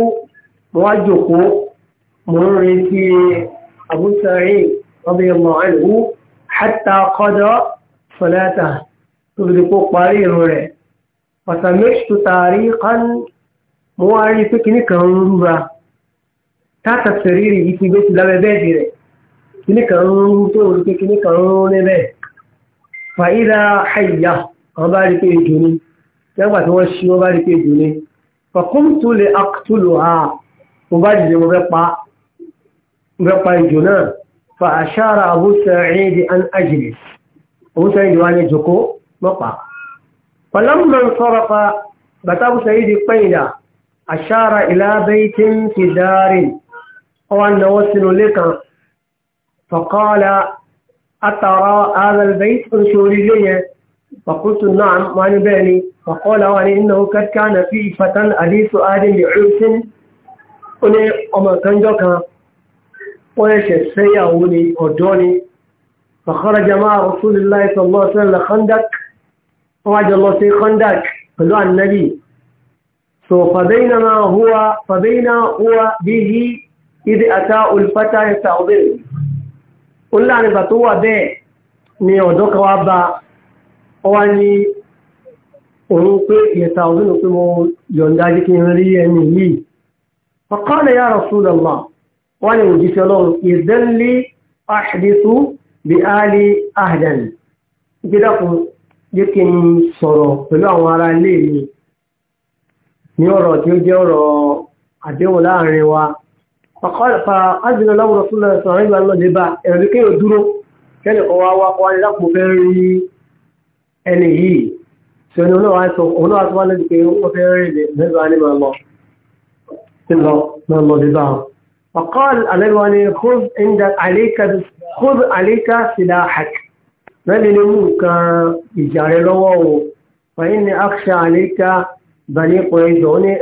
Speaker 1: mọ́wájòkó mọ́ ń retí Abu Sa'id radiyallahu anhu hatta qada salata tó fi kó parí irun rẹ̀ pàtàmẹ́sù tààrí kan mọ́wárí pé kìnnìkan ń rúra tátà sẹ̀rí rẹ̀ yìí ti gbé sí lábẹ́ bẹ́ẹ̀dì kíní kan ń rún tó rí pé kíní kan ń rún níbẹ̀ fàyídà àyà wọn bá rí pé ejò ni nígbà tí wọ́n ṣí wọn bá rí pé ejò ni fàkúntù lè àkútùlù ha mo bá dìde mo fẹ́ pa mo fẹ́ pa ejò náà fa àṣàrà Abu Sa'id an فقال أترى هذا البيت الشوريجية فقلت نعم ما نبالي فقال وعلي إنه قد كان في فتى أليس آدم لعرس أني أما كنجوكا ويش سيئوني أرجوني فخرج مع رسول الله صلى الله عليه وسلم خندق وعد الله في خندق فدعا النبي so فبينما هو فبينما هو به إذ أتاه الفتى يستعظمه ó láàrin ìgbà tó wà bẹ́ẹ̀ ni ọ̀dọ́ kan wá bá ọ ní òun pé ìyẹ̀ta ọdún pé mo yọ̀ǹda jẹ́ rí ẹni yìí فقال يا رسول الله وانا وجيت لهم اذن لي احدث بآلي اهلا كده jẹ́ kí n sọ̀rọ̀ pẹ̀lú àwọn ará ilé mi ní ọ̀rọ̀ tí ó jẹ́ ọ̀rọ̀ àdéhùn láàrin wa fàkọ́lẹ̀ fa ájìnà láwùrọ̀ fún náà sọ̀rọ̀ nígbà náà lè bá ẹ̀rọ̀dé kéèyàn dúró kẹ́lẹ̀ kọ́ wá wá wá ní lápò fẹ́ rí ẹni yìí tí ó ní òun náà sọ wá lẹ́bi pé wọ́n fẹ́ rí ilẹ̀ mẹ́lú wa ní máa lọ sí lọ máa lọ lè bá wọn.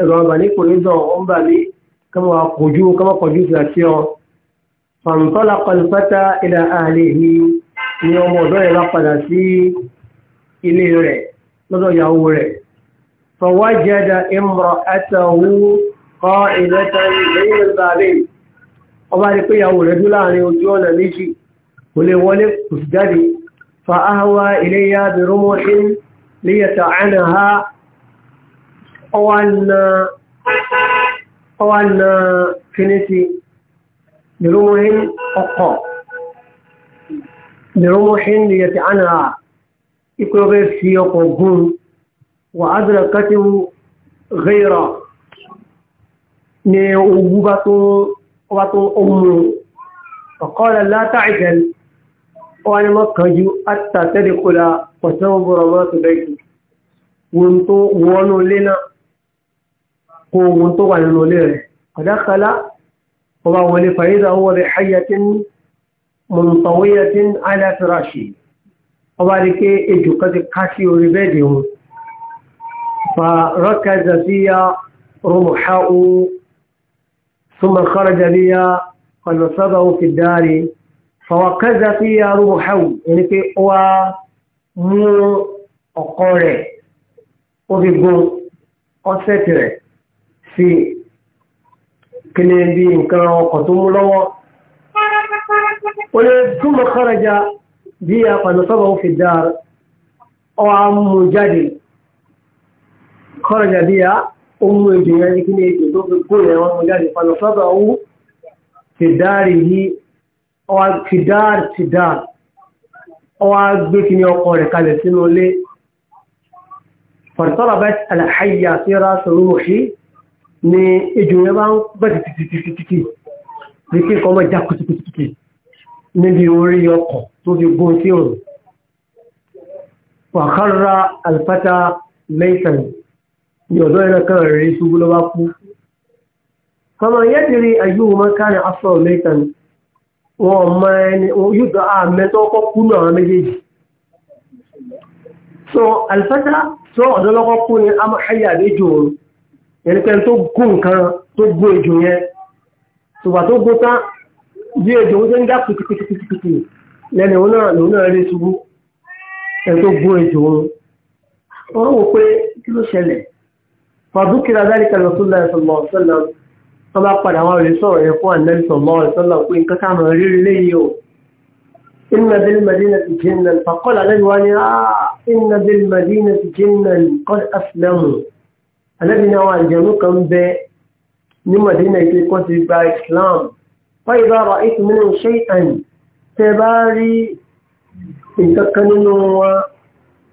Speaker 1: fàkọ́lẹ̀ كما قجو كما قجو في أشياء فانطلق الفتى إلى أهله يوم ضوء لقد في إليه رأي لضوء يهوري فوجد امرأته قائلة بين البابين وبارك يهو رجلان وجون ميشي ولولك كفدري فأهوى إليها برمح ليتعنها وأن ọwá na fínísì nìrúmọ̀hín ọkọ̀ nìrúmọ̀hín ni yẹ̀tì ánà ikú ọbẹ̀ fi ọkọ̀ gún wà ádùrà kátìwù gẹ́rọ̀ ni ogun bá tó ọba tó ọmọ ọ̀kọ́lẹ̀ látàìjẹ̀l ọwá ni mọ́ kanjú àtàtẹ́dẹ̀kọ́lá pọ̀sẹ́wọ̀n bọ̀rọ̀ mọ́ kó ohun tó wà nínú ilé rẹ̀ ọ̀dákàlá ọba wọlé fàyídà owó rẹ̀ hayatin mọ̀ntàwíyatin aláfíraṣì ọba rí pé ejò kan ti ká sí orí bẹ́ẹ̀dì wọn fa rọ́kà zafiya rumuhau súnmọ̀ ó fi gun ọ́sẹ̀tì rẹ̀ sí kíni bí nǹkan ọkọ̀ tó mú lọ́wọ́ ó lè túnmọ̀ káraja bí àpàdásọ́bà ó fi dáa ọ á mú jáde káraja bí a ó mú èdè yẹn kíni èdè tó fi kó yẹn wọn mú jáde pàdásọ́bà ó fi dáàrí yìí ọ ni ejò yẹn bá ń bẹ̀rẹ̀ títítítítí ní kí nǹkan máa já kùtùkùtùkì níbi orí ọkọ̀ tó fi gún sí òun. wàhálà alifata mẹ́sàn ni ọ̀dọ́ yẹn kan rèé ṣubú ló bá kú. kọ́mọ yẹn ti rí ayéwo máa kárí afọ mẹ́sàn wọn mọ ẹni yóò dọ̀ àmẹ́tọ́ ọkọ̀ kú náà méjèèjì. so alifata tó ọ̀dọ́ kú ni a máa ṣáyà lójú òun ẹnikẹ́ni tó gún nǹkan tó gún ejò yẹn tòbà tó gún tán bí ejò ó ṣe ń dá pìtìpìtìpìtì lẹ́nu òun náà lòun náà rí ṣubú ẹni tó gún ejò òun wọ́n wò pé kí ló ṣẹlẹ̀ fàdúkìrà dáríkà lọ́sọ́lá ẹ̀sọ̀lọ́ ọ̀sọ́lá tó bá padà wọn rí sọ̀rọ̀ yẹn fún ànẹ́sọ̀lọ́ ọ̀sọ́lá pé nǹkan táwọn rí léyìí o إن بالمدينة جنا فقال عليه وأنا إن بالمدينة جنا قد أسلموا àlẹ́bí ní àwọn àjẹ̀nú kan bẹ ní Madina ìpé kọ́ ti gba Islam fáyì bá ra ètò mìíràn ṣe àn tẹ bá rí nǹkan kan nínú wọn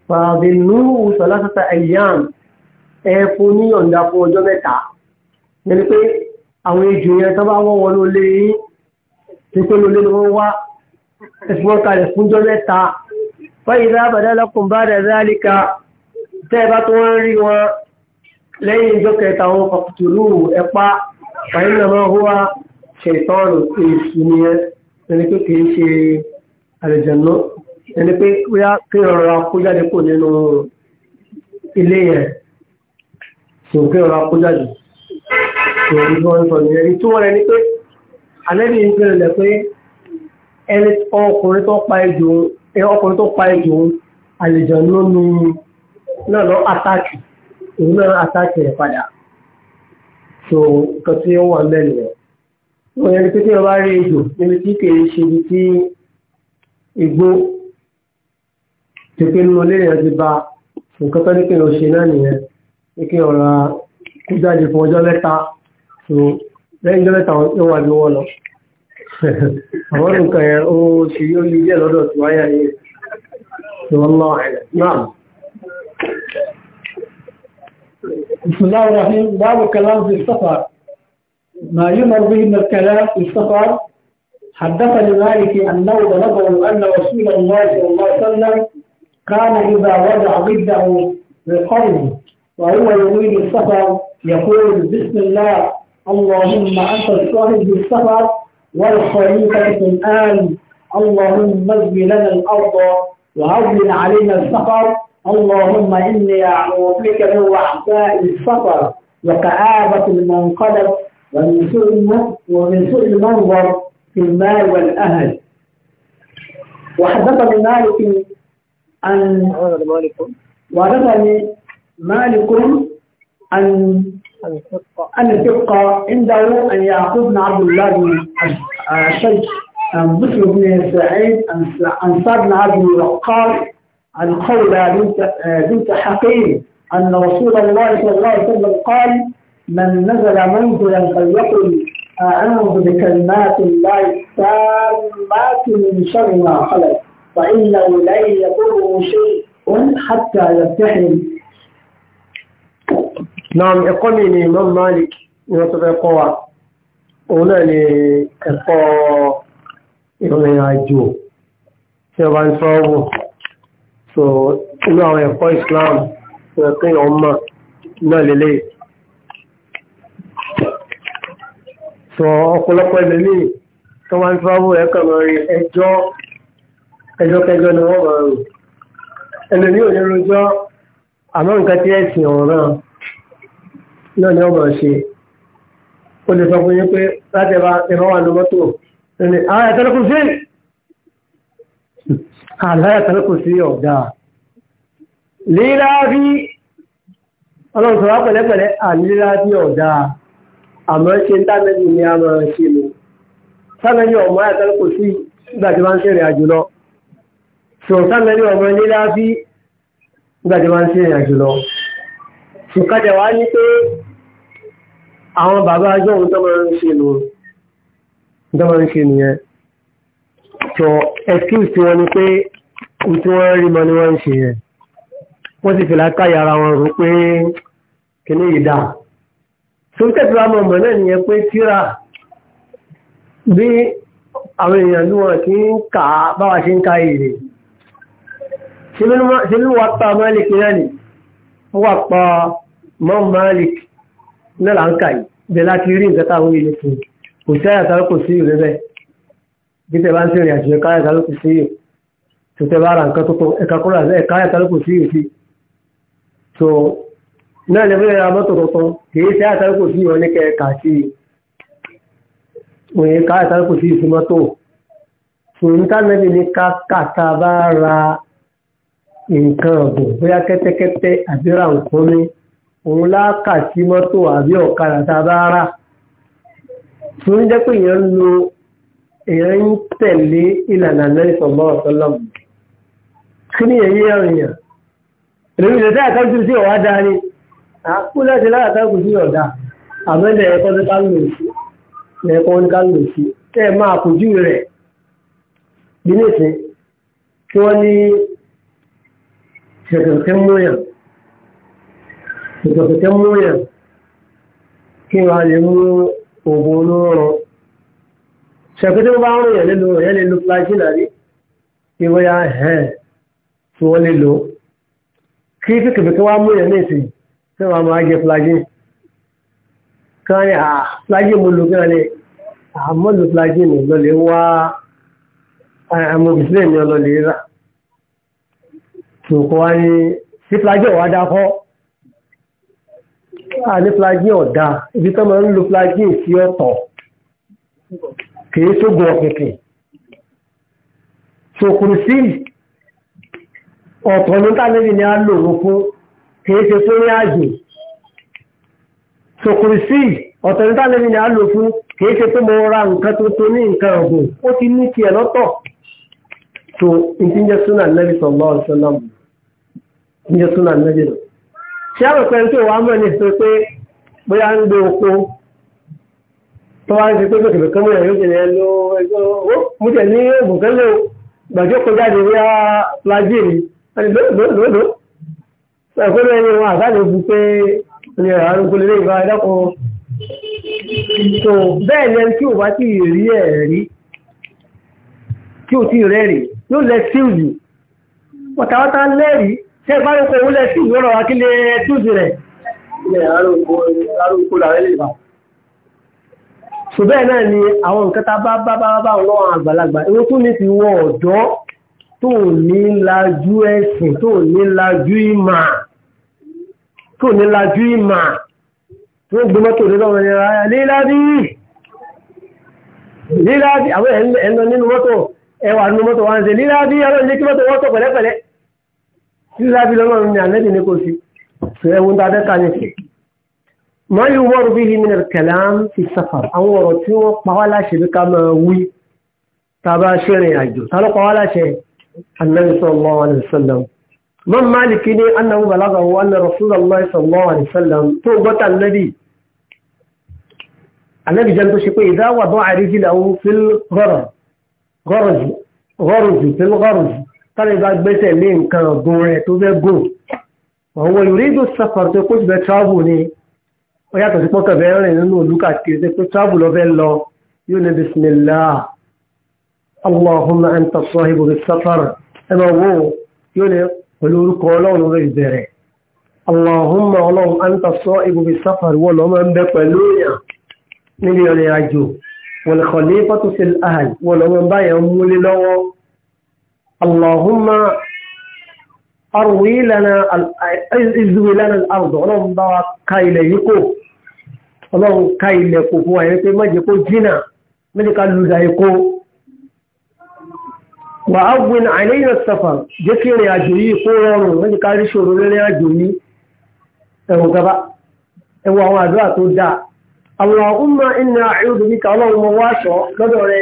Speaker 1: fàbí núhù sọlásàtà ayyam ẹ fún ní ọ̀dà fún ọjọ́ mẹ́ta yẹni pé àwọn ejò yẹn tó bá wọ́n wọn ló lé yín tí pé ló lé ni wọ́n wá ẹ̀sùn wọn kalẹ̀ fúnjọ́ mẹ́ta fáyì bá bàdá lọ́kùnbá rẹ̀ rálíkà tẹ́ bá tó wọ́n rí wọn lẹ́yìn ìjọ kẹta wọn pàtàkìrú ẹ̀pá fàyínà máa hùwà ṣètọ́nù èṣù nìyẹn ẹni pé kì í ṣe àlùjànnú ẹni pé wíyá kí ọ̀rọ̀ akójáde kò nínú ilé yẹn tó kí ọ̀rọ̀ akójáde tó ń sọ ń sọ nìyẹn ní túwọ́n ẹni pé alẹ́bí ń bẹ̀rẹ̀ lẹ̀ pé ẹni ọkùnrin tó pa ejò ọkùnrin tó pa ejò àlùjànnú ni náà lọ àtàkì òun náà àtàkì rẹ̀ padà so nǹkan tí ó wà mẹ́rin rẹ̀ wọ́n yẹn pé tí wọ́n bá rí ejò níbi tí kìí ṣe ibi tí igbó ti pé nínú ilé yẹn ti ba nǹkan tó ní kí wọ́n ṣe náà nìyẹn ní kí wọ́n ra kú jáde fún ọjọ́ mẹ́ta so lẹ́yìn ọjọ́ mẹ́ta wọ́n wà ní lọ àwọn nǹkan yẹn ó ṣe yóò yí díẹ̀ lọ́dọ̀ tí wáyà yìí tí wọ́n lọ́ àìlẹ̀ náà. بسم الله الرحيم باب الكلام في السفر ما يمر به من الكلام في السفر حدثني مالك أنه بلغه أن رسول الله صلى الله عليه وسلم كان إذا وضع ضده للقوم وهو يريد السفر يقول بسم الله اللهم أنت الصاحب بالسفر والخليفة في الآن اللهم اجب لنا الأرض وهون علينا السفر اللهم إني أعوذ بك من وعداء السفر وكآبة المنقلب ومن سوء ومن سوء المنظر في المال والأهل وحدثني مالك أن وحدثني مالك أن أن الثقة عنده أن يعقوب بن عبد الله بن الشيخ بن سعيد أن سعد بن عبد الوقاص عن قولة بنت, بنت حقيم أن رسول الله صلى الله عليه وسلم قال من نزل منزلا فليقل أعوذ بكلمات الله التامات من شر ما خلق فإنه لن يضره شيء حتى يرتحل نعم إقامي الإمام مالك يتبقى هنا لإقامي ìrìn àjò tí ọba ń so inú àwọn ẹ̀kọ́ Islam ẹ̀kọ́ èèyàn mọ̀ náà lélẹ̀ so ọ̀pọ̀lọpọ̀ ẹlẹ́mìí tó wá ń travel ẹ̀kọ́ mọ̀ rí ẹjọ́ ẹjọ́ kẹjọ́ ni wọ́n mọ̀ rò ẹlẹ́mìí ò ní rojọ́ àmọ́ nǹkan tí ẹ̀sìn ọ̀ràn náà ni wọ́n mọ̀ ṣe ó lè sọ fún yín pé láti ẹ̀rọ wà ní mọ́tò ẹni àwọn ẹ̀tọ́ lọ́kùnrin àláyà tàbí kò sí ọ̀dá líláàbí ọlọ́run sọ̀rọ̀ pẹ̀lẹ́pẹ̀lẹ́ àlíláàbí ọ̀dá àmọ́ ṣe ń tánẹ́bì ní a máa ṣe lò tánẹ́bì ọmọ àyà tàbí kò sí nígbà tí wọ́n ń ṣèrìn àjò lọ sọ̀rọ̀ tánẹ́bì ọmọ líláàbí nígbà tí wọ́n ń ṣèrìn àjò ní pé àwọn bàbá ajọ́ òun tó ń ṣe nìyẹn jọ excuse tí wọ́n ní pé ohun tí wọ́n rí mọ́ ni wọ́n ń ṣe yẹn wọ́n sì fi lákàyà ara wọn rò pé kìíní yìí dáa sóńtẹ̀tì wa mọ̀ náà nìyẹn pé tíra bí àwọn èèyàn ní wọn kì í kà á báwa ṣe ń ka èrè ṣe ló wà pa Malik náà ni wọ́n wà pa mọ́ Malik náà là ń kà yìí bẹ́ẹ̀ láti rí nǹkan táwọn èèyàn fún kò sí àyàtọ̀ kò sí ìrẹ́bẹ̀ẹ́ bí tẹ bá ń tẹ̀rìn àjò ẹ̀ka ẹ̀ka ló kù sí yìí tó tẹ bá ra nǹkan tuntun ẹ̀ka kúrò àti ẹ̀ka ẹ̀ka ló sí yìí sí so náà ní fúnra mọ́tò tuntun kìí ṣe àtàrí kù sí ìwọ̀n ní kẹ̀ẹ̀ka sí i òye ká àtàrí kù sí ìsúmọ́tò ṣùgbọ́n tánàbí ní kákàtà bá ra nǹkan ọ̀gbìn bóyá kẹ́tẹ́kẹ́tẹ́ àbí ra nǹkan ní òun láàkà sí mọ́tò àbí ọ̀kadà tá a bá rà ṣùgbọ́n jẹ́ pé èèyàn ń lo èèyàn ń tẹ̀lé ìlànà Ànábì sallallahu alaihi wasallam kí ni èyí àrìyàn èmi ìlẹ̀ tí àkáǹtì sí ọ̀wá dá ni àkú láti láàkáǹtì sí ọ̀dà àmẹ́lẹ̀ ẹ̀kọ́ ní kálùmù sí ẹ̀kọ́ ní kálùmù sí tẹ́ ẹ máa kò júwe rẹ̀ bí nìsín kí wọ́n ní ṣẹ̀kẹ̀kẹ́ múyàn ṣẹ̀kẹ̀kẹ́ múyàn kí wọ́n lè mú òògùn olóró ṣẹ̀kútí bá ń ròyìn lílo ẹ̀yẹ́ lè lo flagella rí kí wọ́n yá hẹ́n tí wọ́n lè lo kí fíkìfíkì wá mú yẹn ní ìsìn tí wọ́n máa jẹ flagella kí wọ́n ní à flagella mo lò kí wọ́n ní àmọ́ lo flagella mi lọ́lẹ̀ wá amọ̀bìsílẹ̀ mi ọlọ́lẹ̀ rà tòkọ́ wá ní sí ibi tó máa ń lo flagella sí ọ̀tọ̀. ka tó so pẹ̀pẹ̀ ṣòkùn sí ọ̀tọ̀ ní tàbí ni a lò wọ́n kìí ṣe tó ní àjò ṣòkùn sí ọ̀tọ̀ ní tàbí ni a lò fún kìí ṣe tó mọ́ ra nǹkan tó tó ní nǹkan ọ̀gbìn ó ti ní tiẹ̀ lọ́tọ̀ tó ìdí súnà nẹ́bí sallallahu alaihi súnà tó wá ń ṣe pé gbèsè kan mọ̀ yóò jẹ̀lẹ̀ lọ ẹgbẹ́ ó mú tẹ̀ ní oògùn kan lọ gbàjọ́ kọjá ní wíwá flagé ni ẹni lóòdòdó ẹ̀kọ́ náà ni wọn àtàlẹ́ bu pé ní àrùn kò lè lè gba ẹ̀dọ́kọ̀ tó bẹ́ẹ̀ ni ẹni tí ò bá ti rí ẹ̀ rí tí ò ti rẹ́ rí yóò lẹ síùlù pátápátá lẹ́rìí ṣé ìbáraẹ̀kọ̀ òun lẹ síùlù ọ̀rọ̀ wa kí lè síùlù rẹ̀. ní àrùn kò làwọn ẹlẹ́gbàá so náà ni àwọn nǹkan tá bá bá bá ọlọ́run àgbàlagbà ewé tó ní ti wọ ọ̀dọ́ tó ní lajú ẹ̀sìn tó ní lajú ìmà tó ní lajú ìmà tó gbé mọ́tò ní lọ́wọ́ ní ara líládì líládì àwọn ẹ̀ńlọ nínú mọ́tò ẹwà nínú mọ́tò wá ń ṣe líládì ọlọ́run ní kí mọ́tò wọ́tò pẹ̀lẹ́pẹ̀lẹ́ líládì lọ́wọ́ ní àlẹ́dì ma yu'maru bihi min al-kalam fi safar àwọn ọ̀rọ̀ tí wọ́n pa wá láṣẹ bí ká máa wí tàbá ṣẹ́rìn àjò ta ló pa wá láṣẹ annabi sallallahu alaihi wasallam man maliki ni annahu balagha wa anna rasulullah sallallahu alaihi wasallam tó gbọ́ta annabi annabi jẹ́ tó ṣe pé idha wada'a rijlahu fil gharaj gharaj gharaj fil gharaj tàbí bá gbẹ́sẹ̀ lé nǹkan ọ̀gbọ́n rẹ̀ tó fẹ́ gò ọ̀wọ̀ yuridu safar tó kó ti travel ni ó yàtọ̀ sí pọ́kàn bẹ́ẹ̀ rìn nínú òlú káàkiri pé tíráàbù lọ fẹ́ lọ yóò ní bisimilá allahumma anta sahibu bi safar ẹ máa wò yóò ní pẹ̀lú orúkọ ọlọ́run rẹ̀ bẹ̀rẹ̀ allahumma ọlọ́run anta sahibu bi safar wọ́n lọ́ máa pẹ̀lú èèyàn níbi ìrìn àjò wal khalifatu fil ahl wọ́n lọ́ báyà ń múlé lọ́wọ́ allahumma arwi lana al lana al ọlọ́run bá wa ká ilẹ̀ yìí kò ọlọ́run ká ilẹ̀ kò fún wa yẹn pé mọ́jẹ́ kó jìnà mẹ́jẹ́ ká lùdà èkó wà á gbin àìlẹ́yìn sọ̀fà jẹ́ kí ìrìn àjò yìí kó rọrùn mẹ́jẹ́ ká rí ṣòro lẹ́rìn àjò yìí ẹ̀wọ̀n gaba ẹ̀wọ̀n àwọn àdúrà tó dáa àwọn ọmọ iná àìrùdù bí ká ọlọ́run mọ wáṣọ lọ́dọ̀ rẹ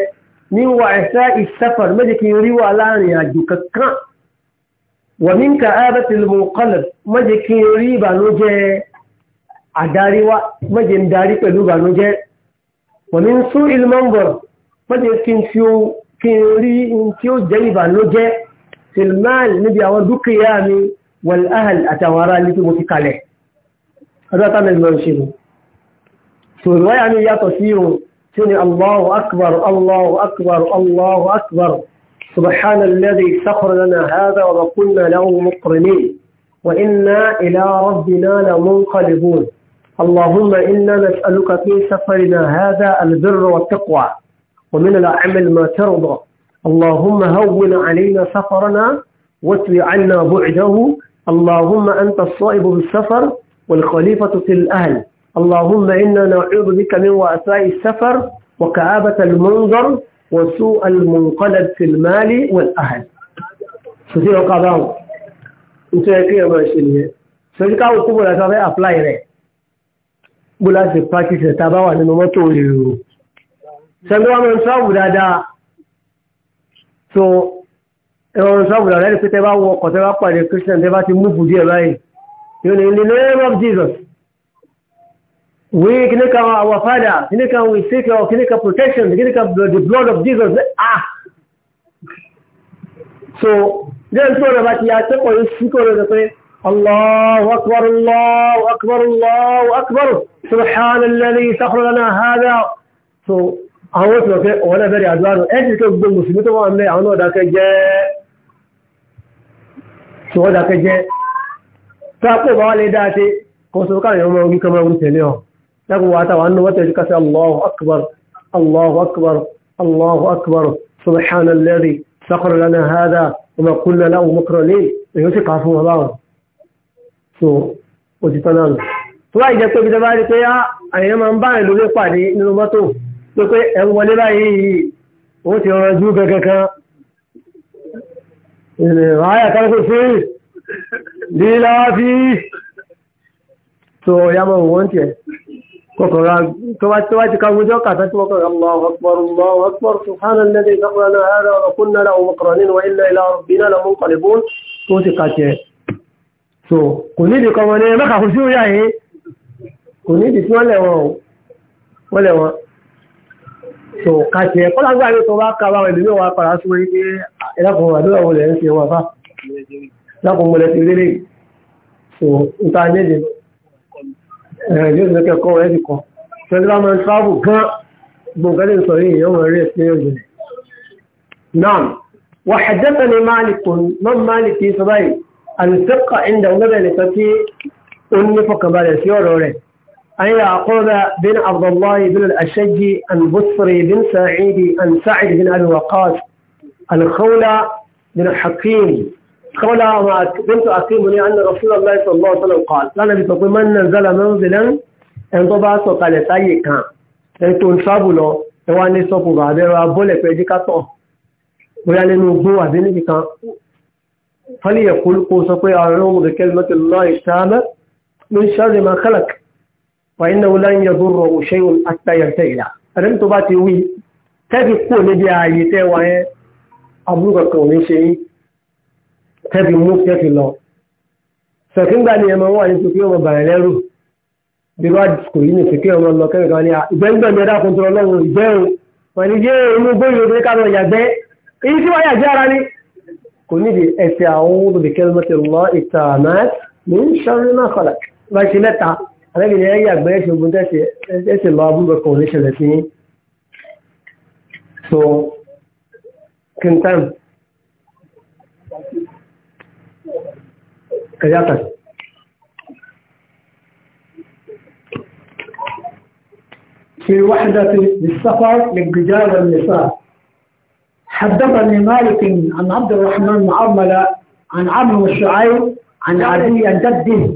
Speaker 1: ní wà ẹ̀sẹ̀ ìsẹ́fà mẹ́jẹ́ kí rí wà láàrin àjò kankan wà ní ká ẹ̀ bẹ́ẹ̀ tẹ̀lé kí rí ìbànújẹ́ àdarí wá mọ́jẹ̀ ń darí pẹ̀lú ìbànújẹ́ wọ́n ní sún ilmọ́ngbọ̀n mọ́jẹ̀ kí n fi kí n rí tí ó jẹ́ ìbànújẹ́ silmal níbi àwọn dúkìá mi wal ahal àtàwọn ará ní tí mo fi kalẹ̀ ọjọ́ táwọn ìlú ń ṣe mi sòrò wáyà mi yàtọ̀ sí òun tí اللهم إنا نسألك في سفرنا هذا البر والتقوى ومن الأعمل ما ترضى اللهم هون علينا سفرنا واتل عنا بعده اللهم أنت الصائب بالسفر والخليفة في الأهل اللهم إنا نعوذ بك من وأساء السفر وكآبة المنظر وسوء المنقلب في المال والأهل sòsí ọkọ̀ àbáwọn nítorí ما ọmọ ìṣẹ̀lẹ̀ sọ́jú káwọn kúbọ̀ lásán bó láti practice ta bá wà nínú mọ́tò èrò sẹ́gbẹ́ wọn mọ̀ sọ́ọ̀bù dáadáa so ẹ̀rọ sọ́ọ̀bù dáadáa ní pété bá wọ ọkọ̀ tẹ́ bá pàdé Christian tẹ́ bá ti mú bùdí ẹ̀ báyìí yóò ní in the name of Jesus we kìíní kan our father kìíní kan we seek our kìíní kan protection kìíní kan the blood of Jesus ah so then tí wọn bá ti yà sẹ́kọ̀ọ́ yìí sí kọ́ lọ́dọ̀ pé. الله أكبر الله أكبر الله أكبر سبحان الذي سخر لنا هذا سو أهوت لك ولا بري أدوار أجل كبد المسلمين تبعا أمي أنو داك جاء سو داك جاء تاكو والداتي قوسو كان يوم أمي كما أقول سيليو تاكو واتا وأنو واتج كسي الله أكبر الله أكبر الله أكبر سبحان الذي سخر لنا هذا وما قلنا له مكرنين يوسف عفو الله so ó ti tọ́nà nù tó bá jẹ́ pé ibi tó bá rí pé àyàn máa ń bá ìlú lé pàdé nínú mọ́tò pé pé ẹ̀ ń wọlé báyìí ó ti rọjú kankan kan ìrìnàáyà kan kò fún lílá fi tó ya mọ̀ wọ́n tẹ̀ kọkànlá tó bá ti ká wújọ́ kàtà tí wọ́n kọ̀rọ̀ Allahu akbar Allahu akbar subhanalladhi sọ́kùnrin àárọ̀ ọ̀kúnnà làwọn mọ̀kànlá nínú ilẹ̀ ìlà rabbina lamunqalibun tó ti kàtẹ̀ so kò nídìí kọmọ ní mẹ́ka kò sí òyà yìí kò nídìí tí wọ́n lẹ̀ wọ́n wọ́n lẹ̀ wọ́n so kàtì ẹ̀kọ́ lágbà ní tó bá ká báwọn ìlú wa padà sí orí pé ẹlẹ́kùn àdúrà wọlé ń ṣe wọn fà lákùn mọ́lẹ̀ ti lélẹ̀ so n ta nídìí ẹ̀rẹ̀ yóò ní kẹ́kọ́ ẹ̀ ti kọ́ tẹ́lẹ̀ bá máa ń travel gan gbọ̀ngàn lè sọ yìí èèyàn mọ̀ rí ẹ̀sìn ọ̀gbìn náà wàhàjẹ́tẹ̀ ni máàlì kò náà máàlì kì í sọ báyìí الفقه عند مدرسة أم فقبال الفيوروري أن يعقوب بن عبد الله بن الأشج البصري بن سعيد عن سعد بن أبي وقاص الخولة بن حكيم خولة بنت حكيم أن رسول الله صلى الله عليه وسلم قال لا نبي تقول من نزل منزلا أن tó bá sọ̀ka أن sáyè kan ẹn tó ń sábù lọ ẹ wá ní sọ́pù bàbá ẹ̀rọ فليقل قوس قي أعلم بكلمة الله تعالى من شر ما خلق وإنه لن يضره شيء حتى يرتئل ألم تباتي وي تبي قول نبي آيتي وهي أبوك كوني شيء tẹ́bi mú tẹ́fi lọ. Sọ̀kíngbà ni ẹmọ wà ní sókè ọmọ bàrẹ̀ lẹ́rù. Bí wá kò yí ní sókè ọmọ lọ kẹ́kọ̀ọ́ ní ìgbẹ́ngbẹ́ mi ẹ̀dá kun tó lọ́wọ́ ìgbẹ́rùn. Wọ́n ní yé inú gbóyè obìnrin ká lọ yàgbẹ́. Èyí tí wọ́n yàgbẹ́ ara ni قل نبي أتي أعوذ بكلمة الله التامات من شر ما خلق لكن نتع أنا من أي أكبر شيء من ذلك أتي الله بو بكوني شلتي سو كنتم كجاتك في وحدة للسفر للقجال والنصار حدثني مالك عن عبد الرحمن بن عن عمرو الشعيب عن عدي عن جده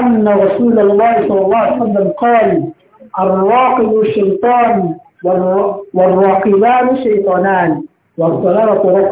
Speaker 1: أن رسول الله صلى الله عليه وسلم قال الراقب شيطان والراقبان شيطانان والصلاة ركعه